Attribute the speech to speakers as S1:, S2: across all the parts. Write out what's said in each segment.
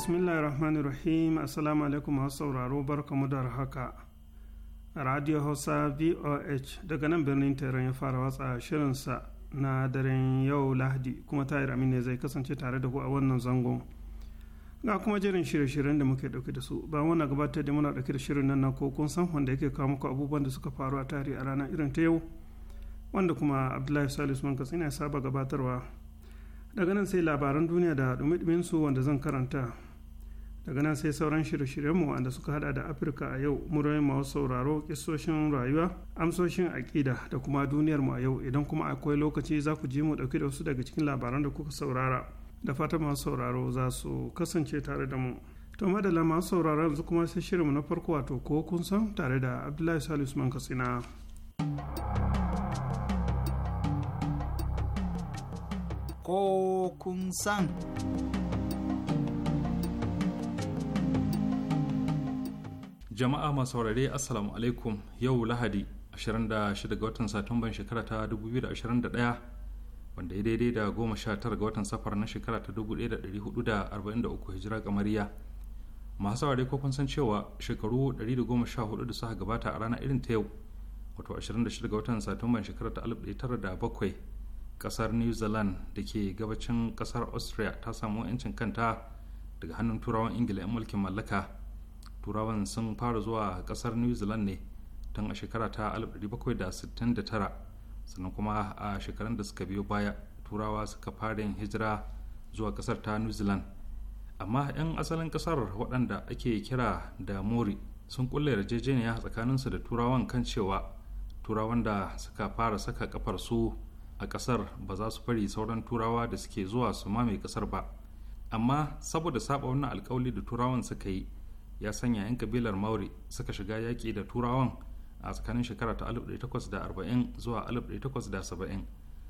S1: bismillahirrahmanirrahim assalamu alaikum masu sauraro barkamu da haka radio hausa voh daga nan birnin tehran ya fara watsa shirinsa na daren yau lahadi kuma tahir ne zai kasance tare da ku a wannan zangon ga kuma jirin shirye-shiryen da muke dauke da su ba wannan gabatar da muna dauke da shirin nan na ko kun san wanda yake kawo muku abubuwan da suka faru a tarihi a ranar irin ta yau wanda kuma abdullahi salisu man katsina ya saba gabatarwa daga nan sai labaran duniya da dumi su wanda zan karanta daga nan sai sauran shirye-shiryenmu wanda suka hada da afirka a yau muryoyin masu sauraro kisoshin rayuwa amsoshin aƙida da kuma duniyar mu a yau idan kuma akwai lokaci za ku ji mu ɗauki da wasu daga cikin labaran da kuka saurara da fata masu sauraro za su kasance tare da mu to madalla masu sauraro yanzu kuma sai shirinmu na farko wato ko kun san tare da abdullahi salisu usman katsina ko kun san
S2: jama'a masu saurare assalamu alaikum yau lahadi 26 ga watan satumban shekara ta 2021 wanda ya daidai da 19 ga watan safar na shekara ta 1443 hijira kamariya masu saurare ko kun san cewa shekaru 114 da suka gabata a rana irin ta yau wato 26 ga watan satumban shekara ta 1907 kasar new zealand da ke gabacin kasar austria ta samu 'yancin kanta daga hannun turawan ingila 'yan mulkin mallaka turawan sun fara zuwa kasar new zealand ne tun a shekara ta 1769 sannan kuma a shekarun da suka biyo baya turawa suka fara yin hijira zuwa kasar ta new zealand amma 'yan asalin kasar waɗanda ake kira da mori sun kulle yarjejeniya tsakaninsu da turawan kan cewa turawan da suka fara saka kafar su a kasar ba za su fari sauran turawa da suke zuwa su mame kasar ba amma saboda saba wannan alkawali da turawan suka yi ya sanya 'yan kabilar maori suka shiga yaƙi da turawan a tsakanin shekara ta 1840 zuwa 1870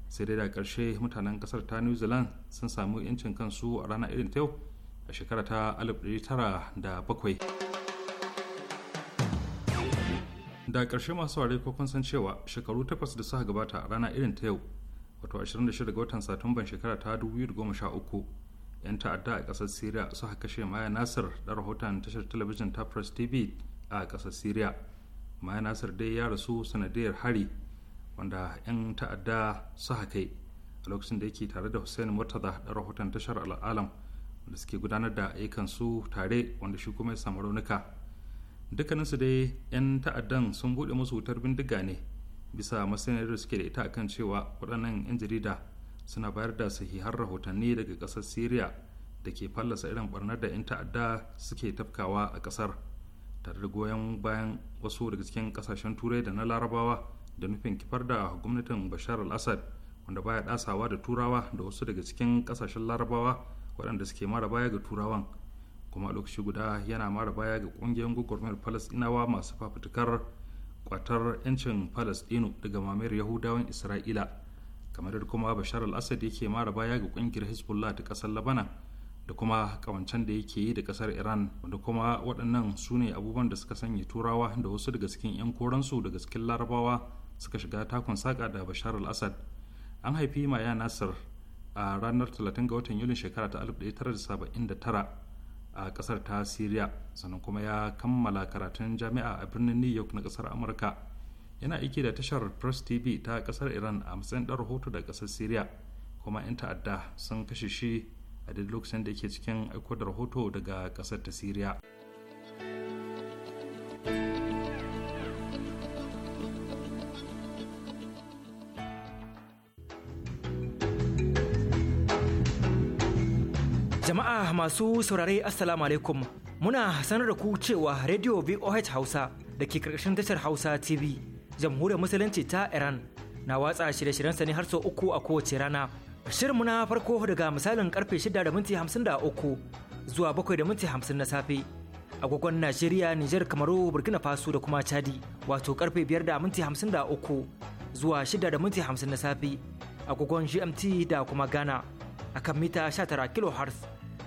S2: sai dai da ƙarshe mutanen ƙasar ta new zealand sun samu 'yancin kansu a rana irin ta yau a shekara ta 1907 da ƙarshe masu ware ko san cewa shekaru takwas da suka gabata a rana irin ta yau wato 26 ga watan satumban shekara ta 2013 'yan ta'adda a ƙasar syria suka kashe maya nasir da rahoton tashar talabijin ta press tv a kasar syria maya nasir dai ya rasu sanadiyar hari wanda 'yan ta'adda suka kai a lokacin da yake tare da hussein murtaza da rahoton tashar al'alam da suke gudanar da su tare wanda shi kuma ya samu raunuka dukkaninsu dai 'yan ta'addan sun buɗe musu wutar bindiga ne bisa masaniyar da suke da ita akan cewa waɗannan 'yan jarida suna bayar da sahihan rahotanni daga kasar syria da ke fallasa irin barnar da 'yan ta'adda suke tafkawa a kasar tare da goyon bayan wasu daga cikin kasashen turai da na larabawa da nufin kifar da gwamnatin bashar al-assad wanda baya dasawa da turawa da wasu daga cikin kasashen larabawa waɗanda suke mara baya ga turawan kuma a lokaci guda yana mara baya ga ƙungiyar gwagwarmayar falasɗinawa masu fafutukar kwatar 'yancin falasɗinu daga mamayar yahudawan isra'ila kamar yadda kuma bashar al-assad yake mara baya ga kungiyar hezbollah ta kasar labana da kuma kawancen da yake yi da kasar iran da kuma waɗannan su ne abubuwan da suka sanya turawa da wasu daga cikin 'yan koransu daga cikin larabawa suka shiga takon saƙa da bashar al-assad an haifi maya nasir a ranar 30 ga watan yulin shekara ta 1979 a kasar ta syria sannan kuma ya kammala karatun jami'a a birnin new york na kasar amurka yana aiki da tashar press tv ta kasar iran a matsayin ɗan rahoto da kasar syria kuma 'yan ta'adda sun kashe shi a duk lokacin da ke cikin aiko da rahoto daga kasar ta syria
S3: jama'a masu saurare assalamu alaikum muna sanar da ku cewa radio voh hausa da ke karkashin tashar hausa tv jamhuriyar musulunci ta iran na watsa shirye-shiryensa ne har sau uku a kowace rana shirinmu na farko daga misalin karfe 6 da minti zuwa 7.50 da minti na safe agogon najeriya nijar kamaru burkina faso da kuma chadi wato karfe 5 da minti zuwa 6.50 da minti na safe agogon gmt da kuma ghana akan mita 19 kilohertz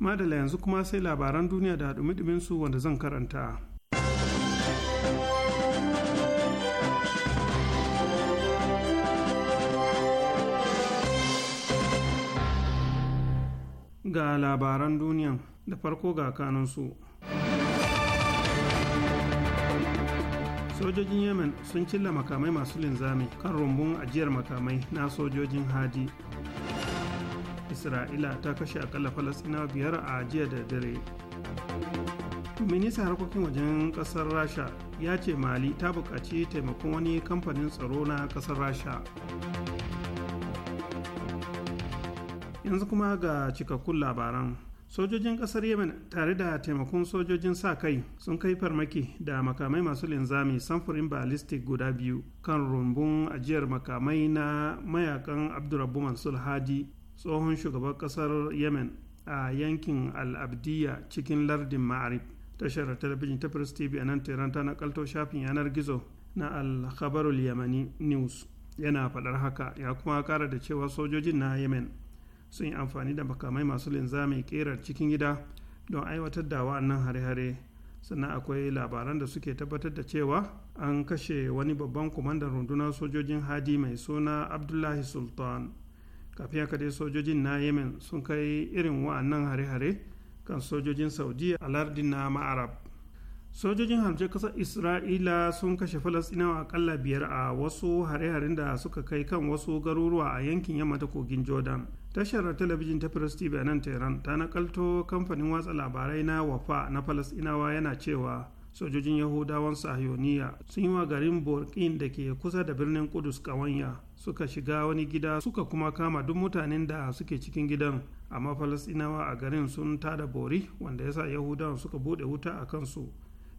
S1: madala yanzu kuma sai labaran duniya da dumi su wanda zan karanta ga labaran duniyan da farko ga kanansu sojojin yemen sun cilla makamai masu linzami kan rumbun ajiyar makamai na sojojin hadi isra'ila ta kashe akalla falasina biyar a jiya da dare ministan harkokin wajen kasar rasha ya ce mali ta buƙaci taimakon wani kamfanin tsaro na kasar rasha yanzu kuma ga cikakkun labaran sojojin kasar yemen tare da taimakon sojojin sa kai sun kai farmaki da makamai masu linzami samfurin ballistic guda biyu kan rumbun ajiyar makamai na mayakan abdurrabbu mansur hadi tsohon shugaban kasar yemen a yankin al-abdiya cikin lardin ma'arib tashar talabijin ta press tv a nan tehran ta nakalto shafin yanar gizo na al-khabarul yamani news yana faɗar haka ya kuma kara da cewa sojojin na yemen sun yi amfani da makamai masu linzami ƙerar cikin gida don aiwatar da nan hare-hare sannan akwai labaran da suke tabbatar da cewa an kashe wani babban kwamandan rundunar sojojin hadi mai suna abdullahi sultan kafiya haka dai sojojin na yemen sun kai irin wa'annan hare-hare kan sojojin saudiya a lardin na ma'arab sojojin harce kasar isra'ila sun kashe falastinawa akalla biyar a wasu hare-haren da suka kai kan wasu garuruwa a yankin yamma ta kogin jordan tashar talabijin ta press tv a nan tehran ta nakalto kamfanin watsa labarai na wafa na falastinawa yana cewa sojojin yahudawan sahiyoniya sun yi wa garin borkin da ke kusa da birnin kudus kawanya suka shiga wani gida suka kuma kama duk mutanen da suke cikin gidan amma falasɗinawa a garin sun tada bori wanda ya sa yahudawan suka buɗe wuta a kansu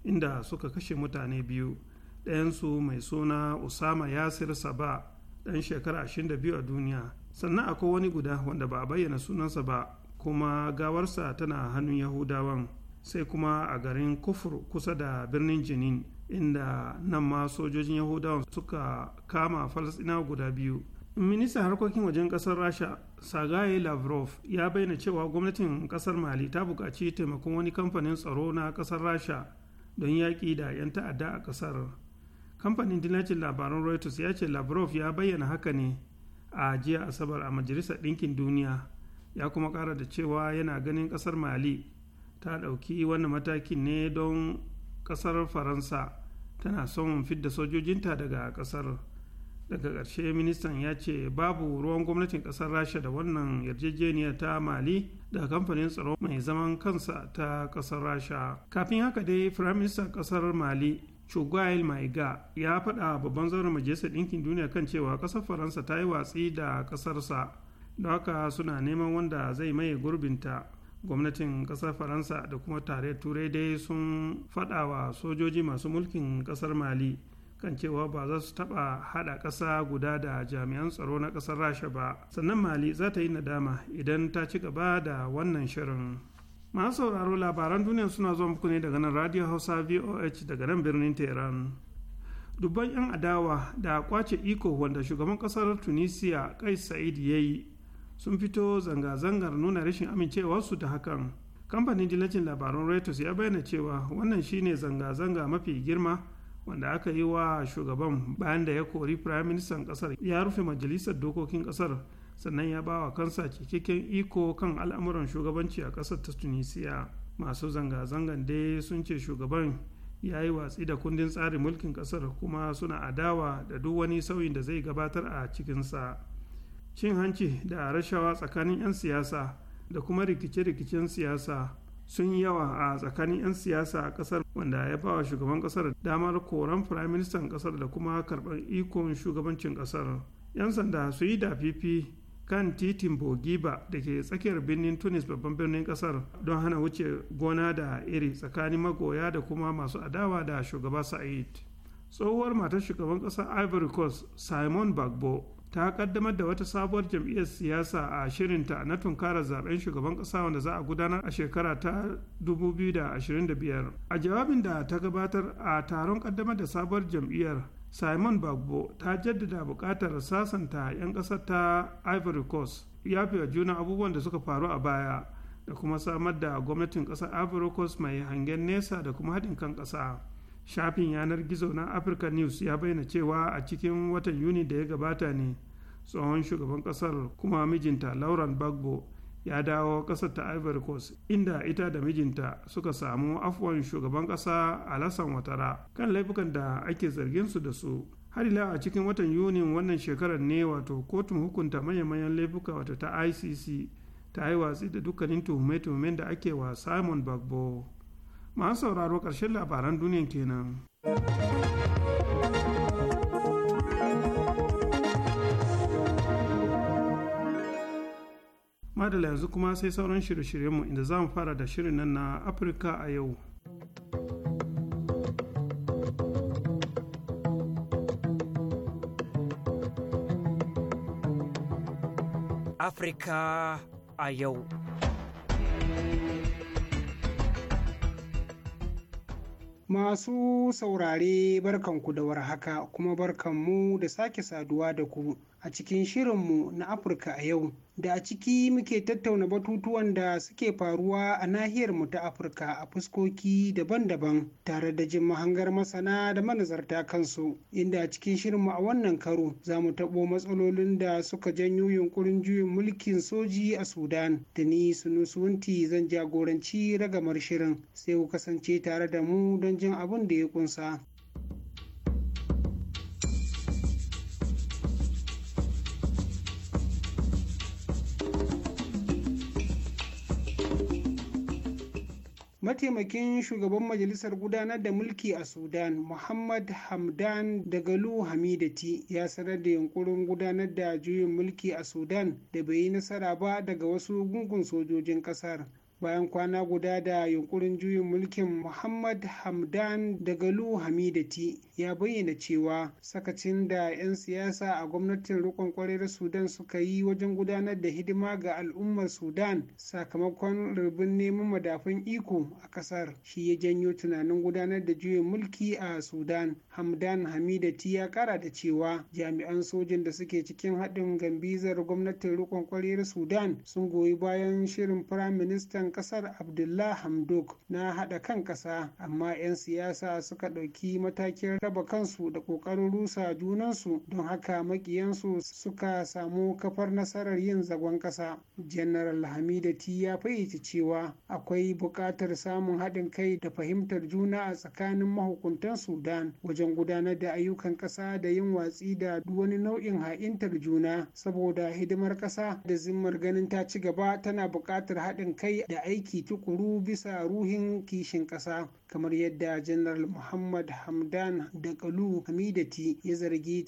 S1: inda suka kashe mutane biyu ɗayansu mai suna usama yasir saba ɗan shekara 22 a duniya sannan akwai wani guda wanda ba a bayyana sunansa ba kuma gawarsa tana hannun yahudawan sai kuma a garin kufur kusa da birnin jinin inda nan ma sojojin yahudawa suka kama falasɗinawa guda biyu ministan harkokin wajen kasar rasha sagaye lavrov ya bayyana cewa gwamnatin kasar mali ta buƙaci taimakon wani kamfanin tsaro na kasar rasha don yaƙi da 'yan ta'adda a ƙasar. kamfanin dinacin labaran reuters ya ce lavrov ya bayyana haka ne a jiya asabar a majalisar ɗinkin duniya ya kuma ƙara da cewa yana ganin ƙasar mali ta ɗauki wannan matakin ne don ƙasar faransa tana son fidda sojojinta daga ƙasar daga ƙarshe ministan ya ce babu ruwan gwamnatin ƙasar rasha da wannan yarjejeniyar ta mali da kamfanin tsaro mai zaman kansa ta ƙasar rasha kafin haka dai firayim ministan ƙasar mali chugwail Maiga ya faɗa babban zauren majalisar ɗinkin duniya kan cewa ƙasar Faransa ta yi watsi da ƙasarsa, da haka suna neman wanda zai maye gurbinta. gwamnatin kasar faransa da kuma tare turai dai sun faɗawa sojoji masu mulkin kasar mali kan cewa ba za su taɓa haɗa ƙasa guda da jami'an tsaro na ƙasar rasha ba sannan mali za ta yi nadama idan ta ci gaba da wannan shirin masu sauraro labaran duniya suna zuwa muku ne daga nan radio hausa voh daga nan birnin tehran dubban 'yan adawa da kwace iko wanda shugaban kasar tunisia kai sa'id ya yi sun fito zanga-zangar nuna rashin amincewarsu da hakan kamfanin dillacin labarun reuters ya bayyana cewa wannan shine zanga-zanga mafi girma wanda aka yi wa shugaban bayan da ya kori firaministan kasar ya rufe majalisar dokokin kasar sannan ya ba wa kansa cikakken iko kan al'amuran shugabanci a kasar ta tunisia masu zanga-zangan dai sun ce shugaban ya yi watsi da kundin tsarin mulkin kasar kuma suna adawa da duk wani sauyin da zai gabatar a cikinsa cin hanci da rashawa tsakanin 'yan siyasa da kuma rikice-rikicen siyasa sun yawa a tsakanin 'yan siyasa a kasar wanda ya ba wa shugaban kasar damar koran firaministan kasar da kuma karɓar ikon shugabancin kasar 'yan sanda su yi da fifi kan titin bogiba da ke tsakiyar birnin tunis babban birnin kasar don hana wuce gona da iri tsakanin magoya da kuma masu adawa da shugaba sa'id tsohuwar matar shugaban kasar ivory coast simon bagbo ta kaddamar da wata sabuwar jam'iyyar siyasa a shirinta na tunkarar zaben shugaban kasa wanda za a gudanar a shekara ta 2025 a jawabin da ta gabatar a taron kaddamar da sabuwar jam'iyyar simon bagbo ta jaddada bukatar sasanta 'yan ƙasar ta ivory coast ya fi juna abubuwan da suka faru a baya da kuma samar da gwamnatin ƙasar ivory coast mai hangen nesa da kuma haɗin kan ƙasa shafin yanar gizo na africa news ya bayyana cewa a cikin watan yuni da ya gabata ne tsohon shugaban kasar kuma mijinta lauren bagbo ya dawo kasar ta ivory coast inda ita da mijinta suka samu afuwan shugaban kasa lasan watara kan laifukan da ake zarginsu da su har ila a cikin watan yuni wannan shekarar ne wato kotun hukunta manya-manyan laifuka wato ta icc ta yi watsi da dukkanin tuhume-tuhumen da ake wa simon bagbo masu sauraro ƙarshen labaran duniya kenan. madala yanzu kuma sai sauran shirye-shiryenmu inda za mu fara da shirin nan na afirka a yau
S3: afirka a yau
S4: Masu saurare barkanku da warhaka kuma barkanmu da sake saduwa da ku a cikin shirinmu na Afirka a yau. Da a ciki muke tattauna batutuwan da suke faruwa a nahiyar mu ta Afirka a fuskoki daban-daban tare da jin mahangar masana da manazarta kansu. Inda a cikin shirinmu a wannan karo za mu taɓo matsalolin da suka janyo yunkurin juyin mulkin soji a Sudan. Da ni Sunusunti zan jagoranci ragamar shirin sai ku kasance tare da mu don jin abin da ya kunsa. mataimakin shugaban majalisar gudanar da mulki a sudan muhammad hamdan dagalu hamidati ya sanar da yunkurin gudanar da juyin mulki a sudan da bai yi nasara ba daga wasu gungun sojojin kasar bayan kwana guda da yunkurin juyin mulkin muhammad hamdan dagalu hamidati ya bayyana cewa sakacin da 'yan siyasa a gwamnatin rikon kwarar sudan suka yi wajen gudanar da hidima ga al'ummar sudan sakamakon rubin neman madafun iko a kasar shi ya janyo tunanin gudanar da juyin mulki a sudan hamdan hamidati ya kara da cewa jami'an sojin da suke cikin haɗin gambizar gwamnatin rikon kwarar sudan sun goyi bayan shirin firaministan kasar abdullah hamdok na haɗa kan ƙasa amma 'yan siyasa suka ɗauki matakin raba kansu da ƙoƙarin rusa junansu don haka makiyansu suka samu kafar nasarar yin zagon ƙasa general hamidati ya fayyace cewa akwai buƙatar samun haɗin kai da fahimtar juna a tsakanin mahukuntan sudan wajen gudanar da ayyukan ƙasa da yin watsi da wani nau'in ha'intar juna saboda hidimar ƙasa da zimmar ganin ta ci gaba tana buƙatar haɗin kai da aiki tukuru bisa ruhin kishin ƙasa kamar yadda janar muhammad hamdan da kalu hamidati ya zargi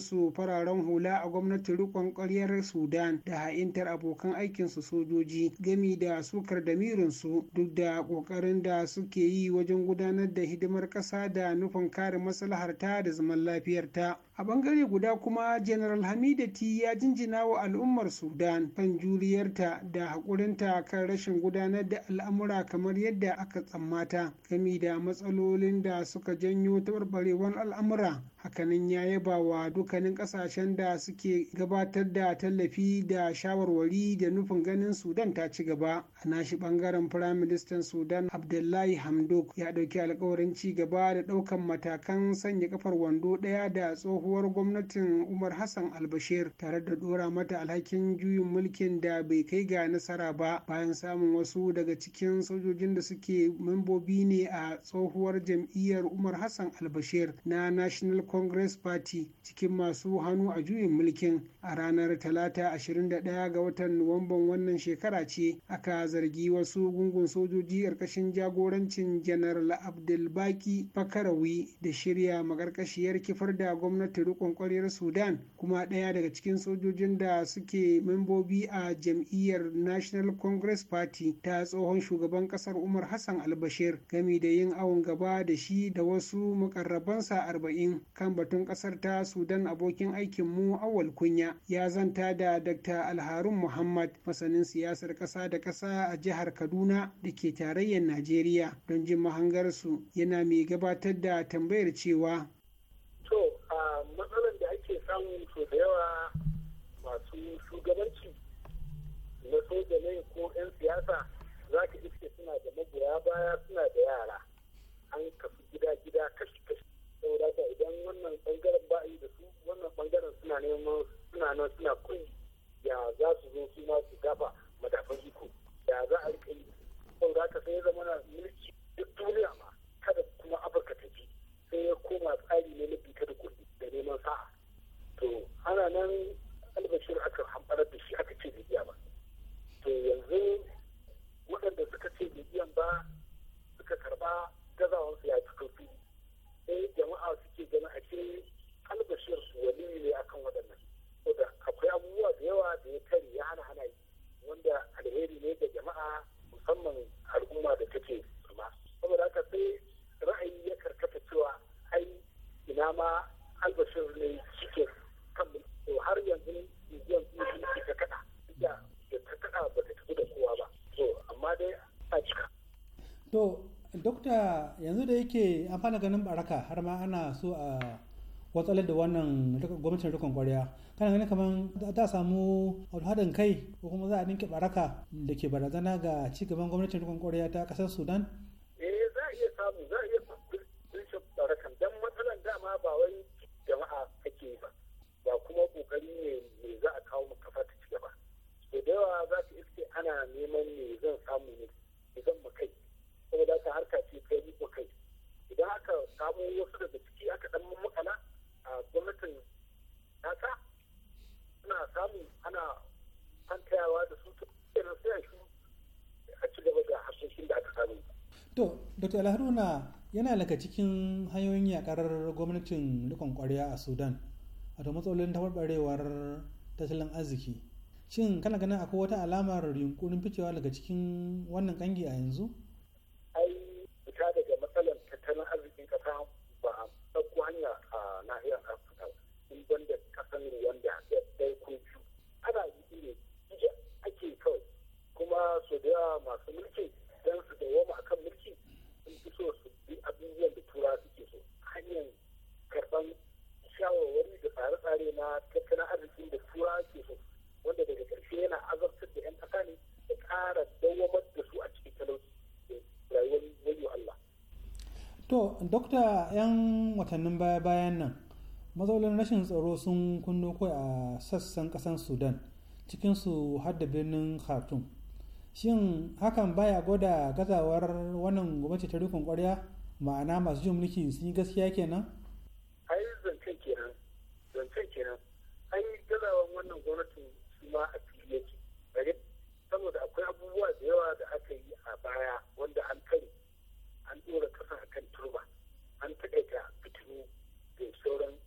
S4: su fararen hula a gwamnati rikon ƙaryar sudan da ha'intar abokan aikinsu sojoji gami da sukar da mirinsu, duk da ƙoƙarin da suke yi wajen gudanar da hidimar ƙasa da nufin kare maslaharta da zaman lafiyarta a bangare guda kuma general hamidati ya jinjina wa al'ummar sudan kan juriyarta da haƙurinta kan rashin gudanar da al'amura kamar yadda aka tsammata gami da matsalolin da suka janyo taɓarɓarewar al'amura hakanan ya yaba wa dukkanin kasashen da suke gabatar da tallafi da shawarwari da nufin ganin sudan ta ci gaba a nashi bangaren firaministan sudan abdullahi hamdok ya dauki alkawarin ci gaba da daukan matakan sanya kafar wando daya da tsohuwar gwamnatin umar hassan albashir tare da dora mata alhakin juyin mulkin da bai kai ga nasara ba bayan samun wasu daga cikin sojojin da suke membobi ne a tsohuwar jam'iyyar umar hassan albashir na national congress party cikin masu hannu a juyin mulkin a ranar talata 21 ga watan nuwamban wannan shekara ce aka zargi wasu gungun sojoji ƙarƙashin jagorancin janaral abdulbaki fakarawi da shirya maƙarƙashiyar kifar da gwamnati rikon ƙwarriyar sudan kuma ɗaya daga cikin sojojin da suke membobi a jam'iyyar national congress party ta tsohon shugaban ƙasar umar hassan albashir gami da yin awon gaba da shi da wasu mukarrabansa arba'in kan batun kasar ta sudan abokin aikin mu awal kunya ya zanta da dr alharun muhammad masanin siyasar kasa da kasa a jihar kaduna da ke tarayyar najeriya don jin mahangarsu yana mai gabatar da tambayar cewa
S5: to a matsalar da ake samu so da yawa masu shugabanci na soja ne ko 'yan siyasa za ka iske suna da magoya baya suna da yara an kafi gida-gida kashi saboda idan wannan bangaren ba yi da su wannan bangaren suna neman suna nan suna kungi ya za su zo su ma su gaba madafan iko ya za a rika yi saboda haka sai ya zama na mulki duk duniya ma kada kuma afirka ta ji sai ya koma tsari ne na fita da kuɗi da neman sa'a to ana nan albashir aka hamɓarar da shi aka ce bai iya ba to yanzu waɗanda suka ce bai iya ba suka karɓa gazawansu ya fito sai jama'a suke gani a cikin albashir su waliyu ne akan waɗannan saboda akwai abubuwa da yawa da ya kari ya hana hana wanda alheri ne ga jama'a musamman al'umma da take zama saboda haka sai ra'ayi ya karkata cewa ai ina ma albashir ne suke kan to har yanzu miliyan sun shi ta kada da ta kada ba ta tafi da kowa ba to amma dai a cika
S6: to dokta yanzu da yake an fara ganin baraka har ma ana so a watsalar da wannan gwamnatin rikon kwarya kana ganin kamar ta samu haɗin kai ko kuma za a ninke baraka da ke barazana ga cigaban gwamnatin rikon kwarya ta ƙasar sudan
S7: eh za a iya
S5: samu za a iya samu barakan dan matsalar dama ba wai jama'a kake ba ba kuma kokari ne me za a kawo maka kafa ta cigaba da yawa za ka iske ana neman ne zan samu ne zan mu kai harka ce kai riko kai idan aka samu wasu daga ciki aka dan makala a gwamnatin nasa suna samun ana
S7: hantayawa da su kenan sai a shi a ci gaba da harkokin da aka samu.
S6: To, Dr. yana daga cikin hanyoyin yakar gwamnatin rikon kwarya a Sudan, wato matsalolin taɓarɓarewar tattalin arziki. Shin kana ganin akwai wata alamar yunkurin ficewa daga cikin wannan kangi a yanzu?
S5: family wanda da ɗan kofi ana yi ne ije ake kawai kuma su da masu mulki don su dawoma kan mulki sun fi so su bi abubuwan da tura suke so hanyar karɓan shawarwari da tsare-tsare na tattalin arzikin da tura ke so wanda daga ƙarshe yana azabtar da 'yan ƙasa ne da ƙara dawamar da su a cikin talauci da rayuwar wayo Allah.
S6: To, Dokta 'yan watannin baya-bayan nan, matsalolin rashin tsaro sun kunno kai a sassan ƙasar sudan cikinsu har da birnin khartoum shin hakan baya gwada gazawar wannan gwamnati ta rikon kwarya ma'ana masu jin mulki sun yi gaskiya kenan
S7: ai zancen kenan
S5: zancen kenan ai gazawan wannan gwamnatin su ma a fili yake saboda akwai abubuwa da yawa da aka yi a baya wanda an kai an dora kasa akan turba an taƙaita fitilu da sauran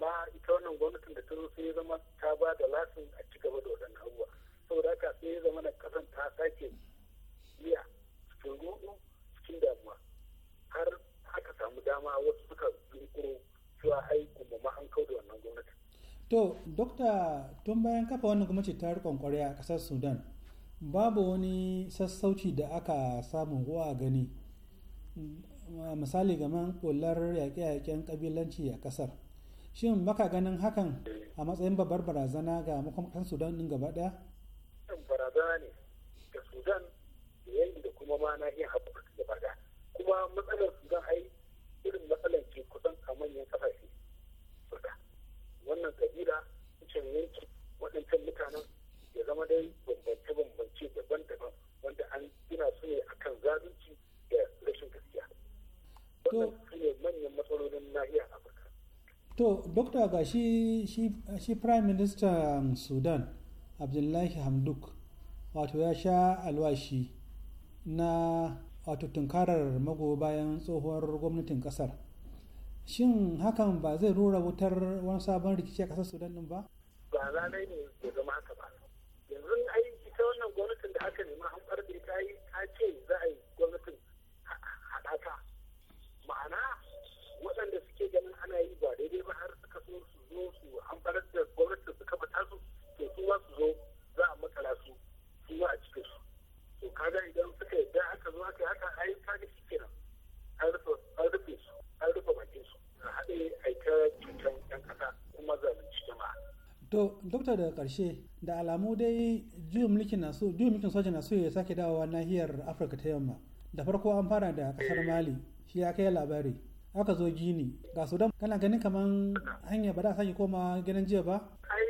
S5: amma ita wannan gwamnatin da ta zo sai ya zama ta ba da lasin a ci gaba da waɗannan abubuwa saboda haka sai ya zama na ƙasan ta sake miya cikin rudu cikin damuwa har aka samu dama wasu suka yunkuro cewa ai kuma
S7: an kau da wannan gwamnatin.
S6: to dokta tun bayan kafa wannan gwamnati ta rikon kwarya a ƙasar sudan babu wani sassauci da aka samu a gani misali gaman kular yaƙe-yaƙen ƙabilanci a ƙasar shin maka ganin hakan a matsayin babbar barazana ga makwamkan sudan din gaba daya
S5: barazana ne ga sudan da yanki da kuma ma na iya haɓaka gaba daya kuma matsalar sudan ai irin matsalar ke kusan a manyan kasashe sudan wannan kabila cikin yanki waɗancan mutanen ya zama dai bambance-bambance daban-daban wanda an gina su ne kan zalunci da rashin gaskiya wannan su ne manyan matsalolin nahiyar afirka
S6: to dokta ga shi shi prime minister sudan abdullahi hamduk wato ya sha alwashi na wato tunkarar mago bayan tsohuwar gwamnatin kasar shin hakan ba zai rura wutar wani sabon rikici a kasar sudan din ba
S5: ba za ne ya zama haka ba yanzu ai ita wannan gwamnatin da aka nema an da ta ta ce za a yi ana yi ba daidai ba har suka so su zo su da gwamnati su kafa tasu to su ma su zo za a makala su su ma a cikin su to kaga idan suka yadda aka zo aka haka yi kaga shi kenan an rufe su an rufe bakin su a haɗe aika cutar ɗan ƙasa kuma zalunci jama'a.
S6: to dokta daga ƙarshe da alamu dai juyin mulkin na so juyin mulkin soja na so ya sake dawowa nahiyar afirka ta yamma da farko an fara da ƙasar mali shi ya kai labari aka zo gini ga sudan kana ganin kaman hanya ba da sake koma gidan jiya ba
S7: ai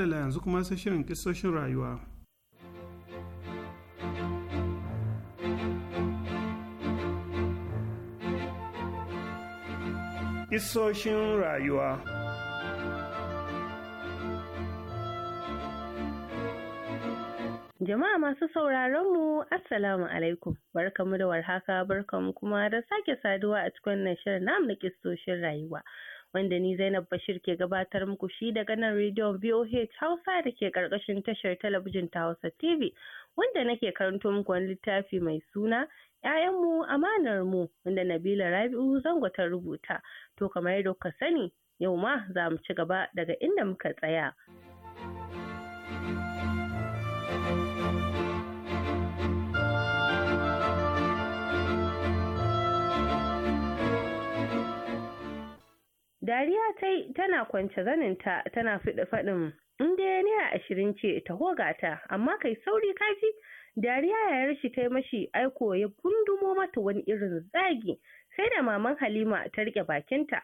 S1: adala yanzu kuma sai shirin kisoshin rayuwa.
S8: Kisoshin rayuwa Jama'a masu sauraronmu Assalamu alaikum barkamu da warhaka barkamu kuma da sake saduwa a cikin wannan shirin namu na kistoshin rayuwa. wanda ni Zainab Bashir ke gabatar muku shi daga nan rediyon VOH Hausa da ke karkashin tashar talabijin ta Hausa TV wanda nake karanto muku wani littafi mai suna ‘Ya'yanmu amanar mu wanda Nabila Rabi'u zango ta rubuta. To kamar yadda ka sani yau ma za mu ci gaba daga inda muka tsaya. dariya ta tana kwance zaninta tana fiɗa faɗin in dai naira ashirin ce ta hoga ta amma kai sauri kaji dariya yayar shi ta yi mashi aiko ya gundumo mata wani irin zagi sai da maman halima ta riƙe bakinta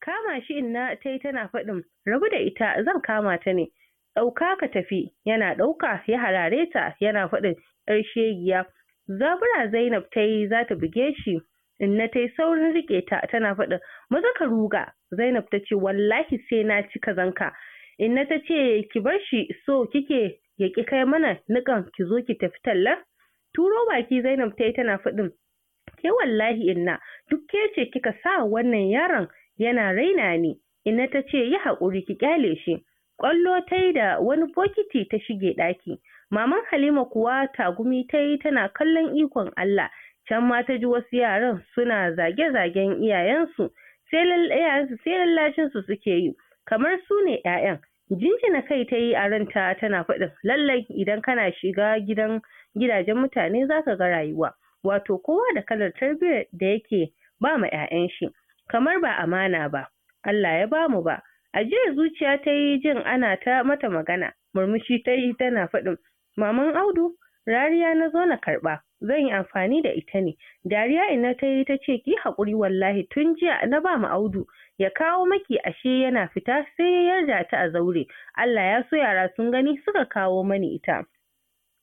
S8: kama shi inna ta yi tana faɗin rabu da ita zan kama ta ne ɗauka ka tafi yana ɗauka ya harare ta yana faɗin 'yar shegiya zabura zainab ta yi za ta buge shi inna ta yi saurin rike ta tana faɗin maza ka ruga zainab ta ce wallahi sai na ci kazanka inna ta ce ki bar shi so kike ya ki kai mana nikan ki zo ki tafi tallar turo baki zainab ta yi tana faɗin ke wallahi inna duk ke ce kika sa wannan yaron yana raina ni inna ta ce yi haƙuri ki kyale shi ƙwallo ta yi da wani bokiti ta shige ɗaki maman halima kuwa tagumi ta yi tana kallon ikon allah Can ma ta ji wasu yaran suna zage-zagen iyayensu sai su suke yi, kamar su ne 'ya'yan. Jinjina kai ta yi a ranta tana faɗin lallai idan kana shiga gidan gidajen mutane zaka ga rayuwa. Wato kowa da kalar tarbiyyar da yake ba ma 'ya'yan shi, kamar ba amana ba, Allah ya bamu ba. A jiya zuciya ta yi jin ana ta mata magana, murmushi ta yi tana faɗin, Maman Audu, rariya na zo na karɓa. zan yi amfani da ita ne dariya ina ta yi ta ce ki haƙuri wallahi tun jiya na ba mu audu ya kawo maki ashe yana fita sai ya yarda ta a zaure Allah ya so yara sun gani suka kawo mani ita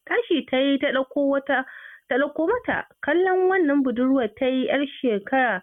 S8: tashi ta ta ɗauko wata ta ɗauko mata kallon wannan budurwar tayi yi yar shekara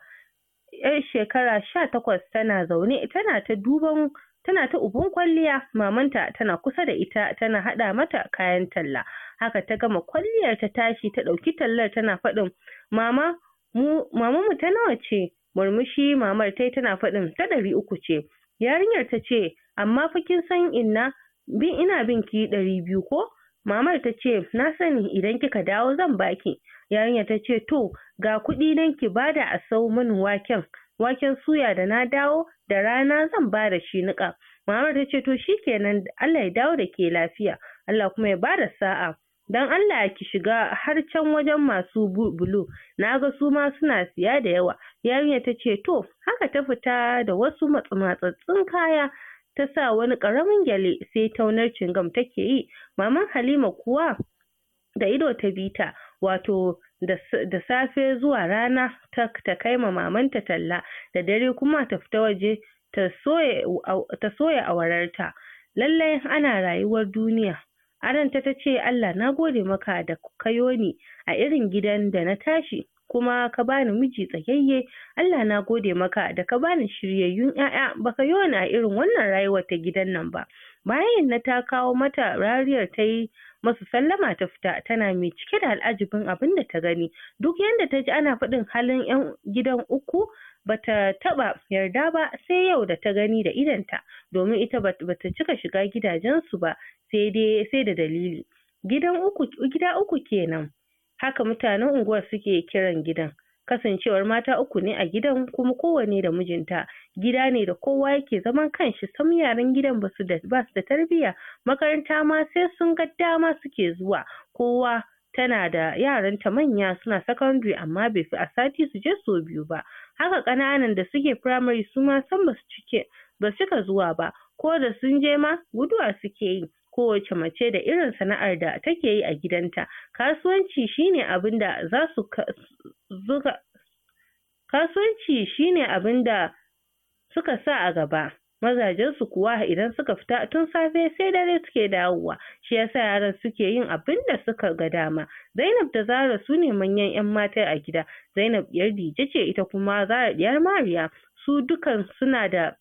S8: yar shekara sha takwas tana zaune tana ta duban tana ta ubun kwalliya mamanta tana kusa da ita tana haɗa mata kayan talla haka ta gama kwalliyar ta tashi ta ɗauki tallar tana faɗin mama mu mama mu ta nawa ce murmushi mamar tai tana faɗin ta ɗari uku ce yarinyar ta ce amma fa kin san inna bin ina bin ki ɗari biyu ko mamar ta ce na sani idan kika dawo zan baki yarinyar ta ce to ga kuɗi nan ki bada a sau min waken waken suya da na dawo da rana zan ba da shi niƙa Muhammad ta ce to shikenan Allah ya dawo da ke lafiya Allah kuma ya da sa'a dan Allah ki shiga har can wajen masu bulu na ga su ma suna siya da yawa yarinya ta ce to haka ta fita da wasu matsatsatsun kaya ta sa wani ƙaramin gyale sai taunar cingam take yi maman Halima kuwa da ido ta bi ta wato da safe zuwa rana ta kai ma mamanta talla da dare kuma ta fita waje ta soya awararta lallai ana rayuwar duniya aranta ta ce Allah na gode maka da kayoni a irin gidan da na tashi kuma ka bani miji tsayayye Allah na gode maka da ka bani shiryayyun ƴaƴa baka a irin wannan rayuwar ta gidan nan ba bayan na ta kawo mata rariyar ta yi masu sallama ta fita tana mai cike da al'ajibin abin da ta gani duk yadda ta ji ana faɗin halin 'yan gidan uku bata taɓa yarda ba sai yau da ta gani da idonta domin ita bata cika shiga gidajensu ba sai dai sai da dalili gidan uku gida uku kenan haka mutanen unguwar suke kiran gidan kasancewar mata uku ne a gidan kuma kowane da mijinta gida ne da kowa yake zaman kanshi sam yaran gidan basu da basu da tarbiyya makaranta ma sai sun ga dama suke zuwa kowa tana da yaranta manya suna secondary amma bai fi a sati su je so biyu ba haka ƙananan da suke primary su ma san basu cike ba cika zuwa ba ko da sun je ma guduwa suke yi kowace mace da irin sana'ar da take yi a gidanta kasuwanci shine abin da kasuwanci shine abin suka sa a gaba mazajen su kuwa idan suka fita tun safe sai dare suke dawowa shi yasa yaran suke yin abin da suka ga dama Zainab da Zara su ne manyan yan mata a gida Zainab ƴar Dije ce ita kuma Zara diyar Mariya su dukan suna da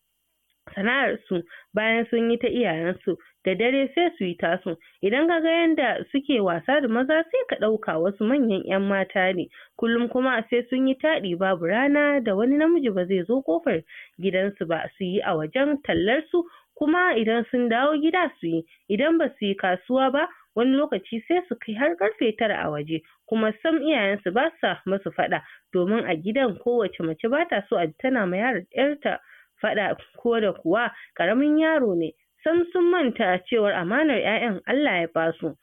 S8: sana'ar su bayan sun yi ta iyayensu da dare sai su yi tasu idan ka ga yanda suke wasa da maza sai ka ɗauka wasu manyan 'yan mata ne kullum kuma sai sun yi taɗi babu rana da wani namiji ba zai zo ƙofar gidansu ba su yi a wajen tallar su kuma idan sun dawo gida su yi idan ba su yi kasuwa ba wani lokaci sai su kai har karfe tara a waje kuma sam iyayensu ba sa masu faɗa domin a gidan kowace mace ba ta so a tana ma yarta faɗa ko da kuwa ƙaramin yaro ne sam sun manta cewar amanar 'ya'yan Allah ya basu.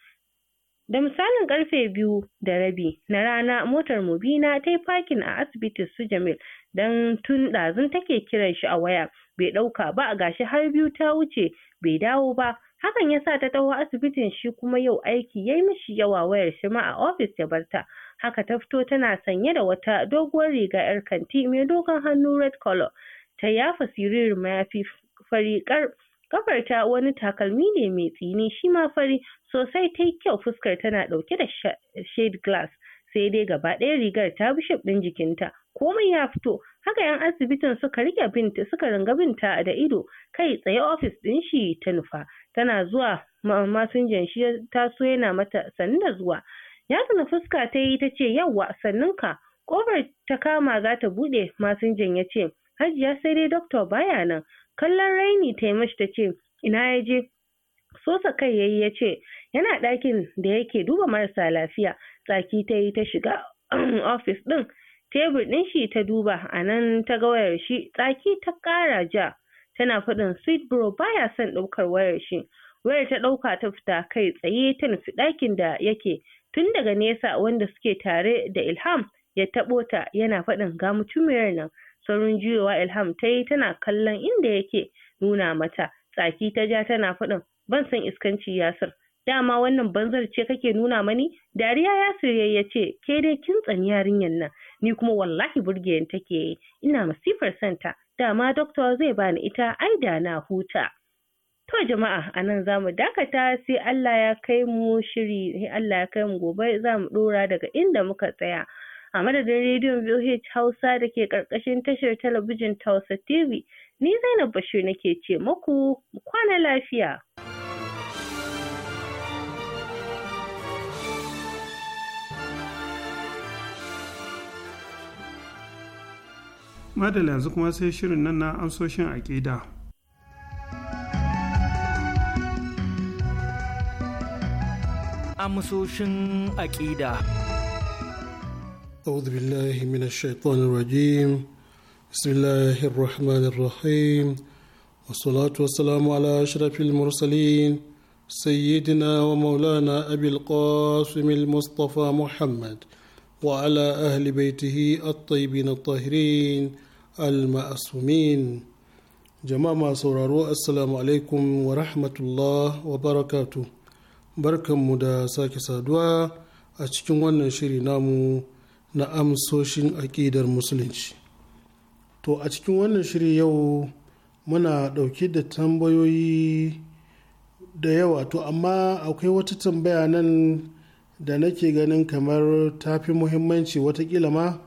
S8: Da misalin karfe biyu da rabi na rana motar Mubina ta yi fakin a asibitin su Jamil don tun ɗazun take kiran shi a waya bai ɗauka ba gashi har biyu ta wuce bai dawo ba hakan ya sa ta taho asibitin shi kuma yau aiki ya yi mishi yawa wayar shi ma a ofis ya barta haka ta fito tana sanye da wata doguwar riga 'yar kanti mai dogon hannu red color ta yafa siririn mayafi fari kar ta wani takalmi ne mai tsini shi ma fari sosai ta kyau fuskar tana ɗauke da shade glass sai dai gaba ɗaya rigar ta bi shape ɗin jikinta komai ya fito haka yan asibitin suka rike binta suka ringa binta da ido kai tsaye ofis ɗin shi ta nufa tana zuwa masinjan shi ta so yana mata sannu da zuwa ya tuna fuska ta yi ta ce yawwa sannun ka kofar ta kama za ta buɗe masinjan ya ce hajiya sai dai doktor baya nan kallon raini ta yi mashi ta ce ina ya je sosa kai yayi ya ce yana ɗakin da yake duba marasa lafiya tsaki ta yi ta shiga ofis ɗin tebur ɗin shi ta duba a nan ta ga wayar shi tsaki ta ƙara ja tana faɗin sweet bro baya son ɗaukar wayar shi wayar ta ɗauka ta fita kai tsaye ta nufi ɗakin da yake tun daga nesa wanda suke tare da ilham ya taɓo ta yana faɗin ga mutumiyar nan saurin juyowa ilham ta yi tana kallon inda yake nuna mata tsaki ta ja tana faɗin ban san iskanci yasir dama wannan banzar ce kake nuna mani dariya yasir ya ce ke dai kin tsani yarinyar nan ni kuma wallahi burgeyen take yi ina masifar santa dama doktor zai bani ita ai da na huta to jama'a anan zamu dakata sai Allah ya kai mu shiri sai Allah ya kai mu gobe zamu dora daga inda muka tsaya a madadin rediyon VOH Hausa da ke ƙarƙashin tashar talabijin Tausa TV. Ni Zainab Bashir nake ce muku kwana lafiya.
S1: Madala yanzu kuma sai shirin nan na amsoshin aƙida.
S3: Amsoshin aƙida.
S9: أعوذ بالله من الشيطان الرجيم بسم الله الرحمن الرحيم والصلاة والسلام على أشرف المرسلين سيدنا ومولانا أبي القاسم المصطفى محمد وعلى أهل بيته الطيبين الطاهرين المأسومين jama'a sauraro assalamu alaikum wa rahmatullah wa barakatu barkanmu da sake saduwa a cikin wannan shiri namu na amsoshin aƙidar musulunci to a cikin wannan shiri yau muna ɗauki da tambayoyi da yawa to amma akwai wata tambaya nan da nake ganin kamar ta fi muhimmanci watakila ma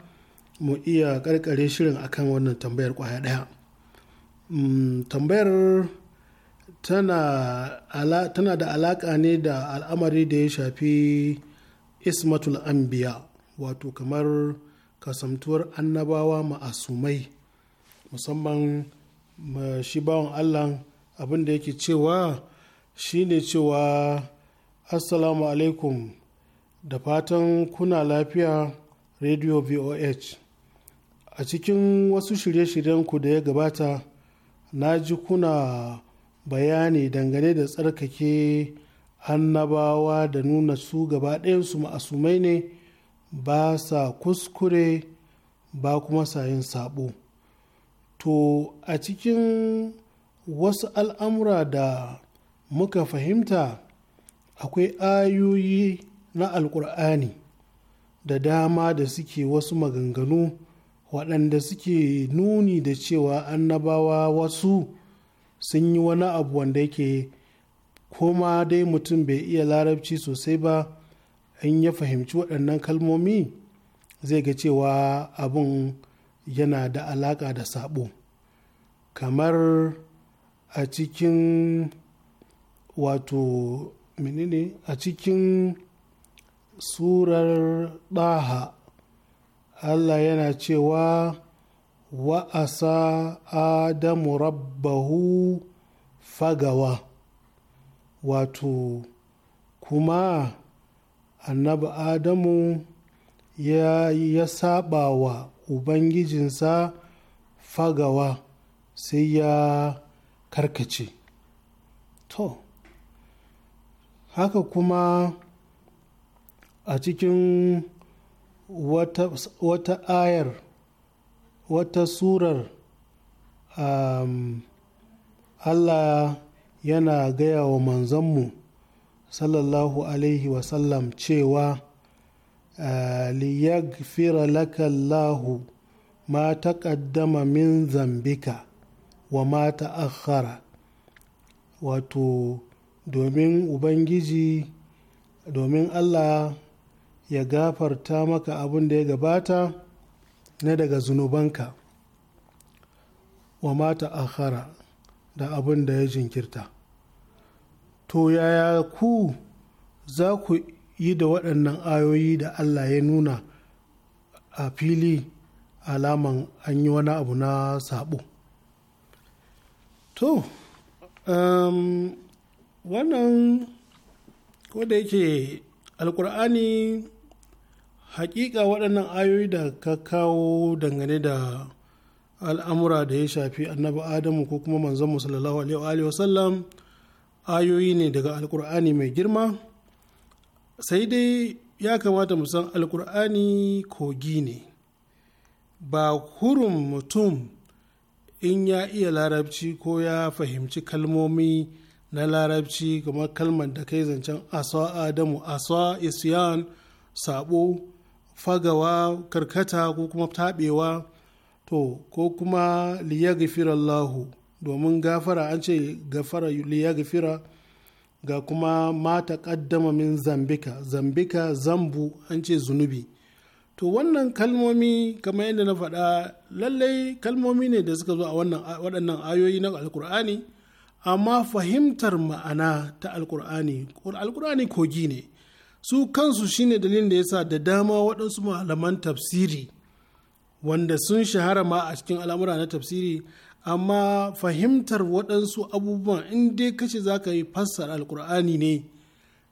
S9: mu iya ƙarƙare shirin akan wannan tambayar kwaya ɗaya mm, tambayar tana da alaƙa ne da al'amari da ya shafi ismatul anbiya wato kamar kasantuwar annabawa ma'asumai musamman shi bawan allah abin da yake cewa shine cewa assalamu alaikum da fatan kuna lafiya radio voh a cikin wasu shirye-shiryenku da ya gabata na ji kuna bayani dangane da tsarkake annabawa da nuna su gaba ɗayansu ma'asumai ne ba sa kuskure ba kuma sa yin sabo to a cikin wasu al'amura da muka fahimta akwai ayoyi na alkur'ani da dama da suke wasu maganganu waɗanda suke nuni da cewa annabawa wasu sun yi wani abu wanda yake koma dai mutum bai iya larabci sosai ba in ya fahimci waɗannan kalmomi zai ga cewa abin yana da alaƙa da sabo kamar a cikin wato menene a cikin surar ɗaha allah yana cewa wa'asa adamu rabbahu fagawa wato kuma annabi adamu ya, ya saba wa ubangijinsa fagawa sai ya karkace to haka kuma a cikin wata, wata ayar wata surar um, allah yana gaya wa manzanmu sallallahu alaihi wasallam cewa ah, liyagfira laka Allahu ma taqaddama min zambika wa ma ta'akhkhara wato domin ubangiji domin Allah ya gafarta maka abin da ya gabata na daga zunubanka wa ma ta'akhkhara da abin da ya jinkirta to yaya ku za ku yi da waɗannan ayoyi da Allah ya nuna a fili alaman an yi wani abu na sabo to um, wannan da yake alkur'ani hakika waɗannan ayoyi da ka kawo dangane da al'amura da ya shafi annabi adamu ko kuma manzon sallallahu alaihi wasallam ayoyi ne daga alkur'ani mai girma sai dai ya kamata mu san alkur'ani kogi ne ba hurin mutum in ya iya larabci ko ya fahimci kalmomi na larabci kamar kalmar da kai zancen asa adamu asa isyan sabo fagawa karkata ko kuma taɓewa to ko kuma liyagfirallahu domin gafara an ce gafara ya gafira ga kuma mata kaddama min zambika zambika zambu an ce zunubi to wannan kalmomi kamar yadda na faɗa lallai kalmomi ne da suka zo a waɗannan ayoyi na alkur'ani amma fahimtar ma'ana ta alkur'ani alkur'ani kogi ne su kansu shine dalilin da yasa da dama waɗansu malaman tafsiri wanda sun shahara ma a cikin al'amura na tafsiri amma fahimtar waɗansu abubuwan in dai kace za ka yi fassar alkur'ani ne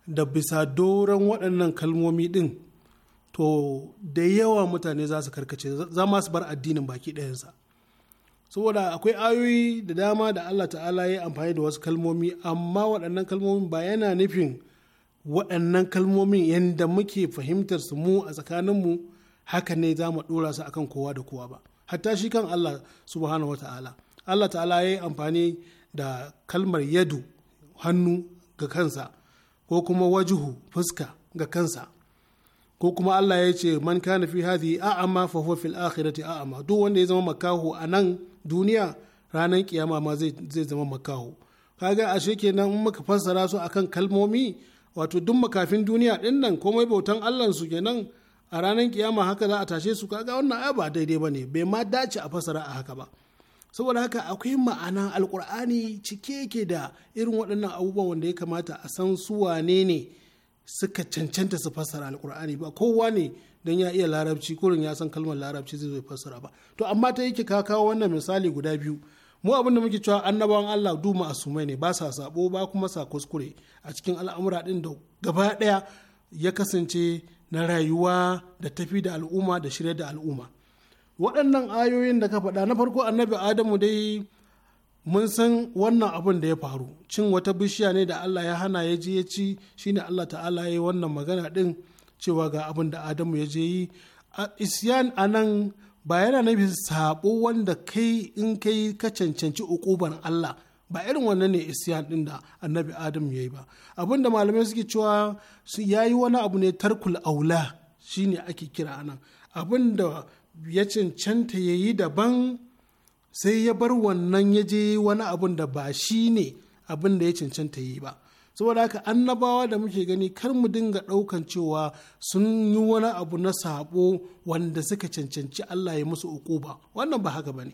S9: da bisa doron waɗannan kalmomi ɗin to da yawa mutane za su karkace za ma su bar addinin baki ɗayansa saboda akwai ayoyi da dama da allah ta'ala ya amfani da wasu kalmomi amma waɗannan kalmomin ba yana nufin waɗannan kalmomin yadda muke fahimtar su mu a tsakaninmu haka ne za mu ɗora su akan kowa da kowa ba hatta shi kan Allah subhanahu wa ta'ala Allah ta'ala ya yi amfani da kalmar yadu hannu ga kansa ko kuma wajuhu fuska ga kansa ko kuma Allah ya ce man kana fi hadhi a'ama fa huwa fil akhirati a'ama duk wanda ya zama makaho a nan duniya ranar kiyama ma zai zama makaho kaga ashe kenan in muka fassara su akan kalmomi wato duk makafin duniya din nan komai bautan Allah su kenan a ranar kiyama haka za a tashe su kaga wannan ai ba daidai bane bai ma dace a fasara a haka ba saboda haka akwai ma'ana alkur'ani cike yake da irin waɗannan abubuwan wanda ya kamata a san su wane ne suka cancanta su fasara alkur'ani ba kowa ne don ya iya larabci kurin ya san kalmar larabci zai zo fassara ba to amma ta yake ka kawo wannan misali guda biyu mu abin da muke cewa annabawan Allah du ma'asumai ne ba sa sabo ba kuma sa kuskure a cikin al'amura din da gaba daya ya kasance na rayuwa da tafi da al'umma da shirya da al'umma waɗannan ayoyin da ka faɗa na farko annabi adamu dai mun san wannan abin da ya faru cin wata bishiya ne da Allah ya hana ya je ya ci shine Allah ta'ala ya yi wannan magana ɗin cewa ga abin da Adamu ya je yi isyan nan ba yana nufin sabo wanda kai in kai ka cancanci ukuban Allah ba irin wannan ne isyan din da annabi adam ya yi ba abinda malamai suke cewa su yayi wani abu ne tarkul aula shine ake kira anan abinda ya cancanta ya yi daban sai ya bar wannan ya je wani abun da ba shi ne abin da ya cancanta ya yi ba saboda haka annabawa da muke gani kar mu dinga ɗaukan cewa sun yi wani abu na sabo wanda suka cancanci Allah ya musu uku ba wannan ba haka ba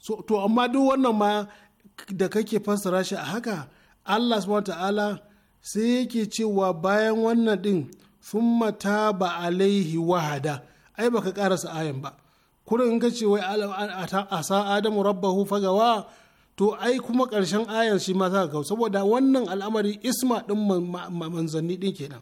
S9: so to amma duk wannan ma da kake fassara shi a haka Allah subhanahu ta'ala sai yake cewa bayan wannan din thumma taba alaihi wahada ai baka karasa ayan ba kurin in ka ce wai asa adamu rabbahu fagawa to ai kuma karshen ayan shi ma za ka saboda wannan al'amari isma din manzanni din kenan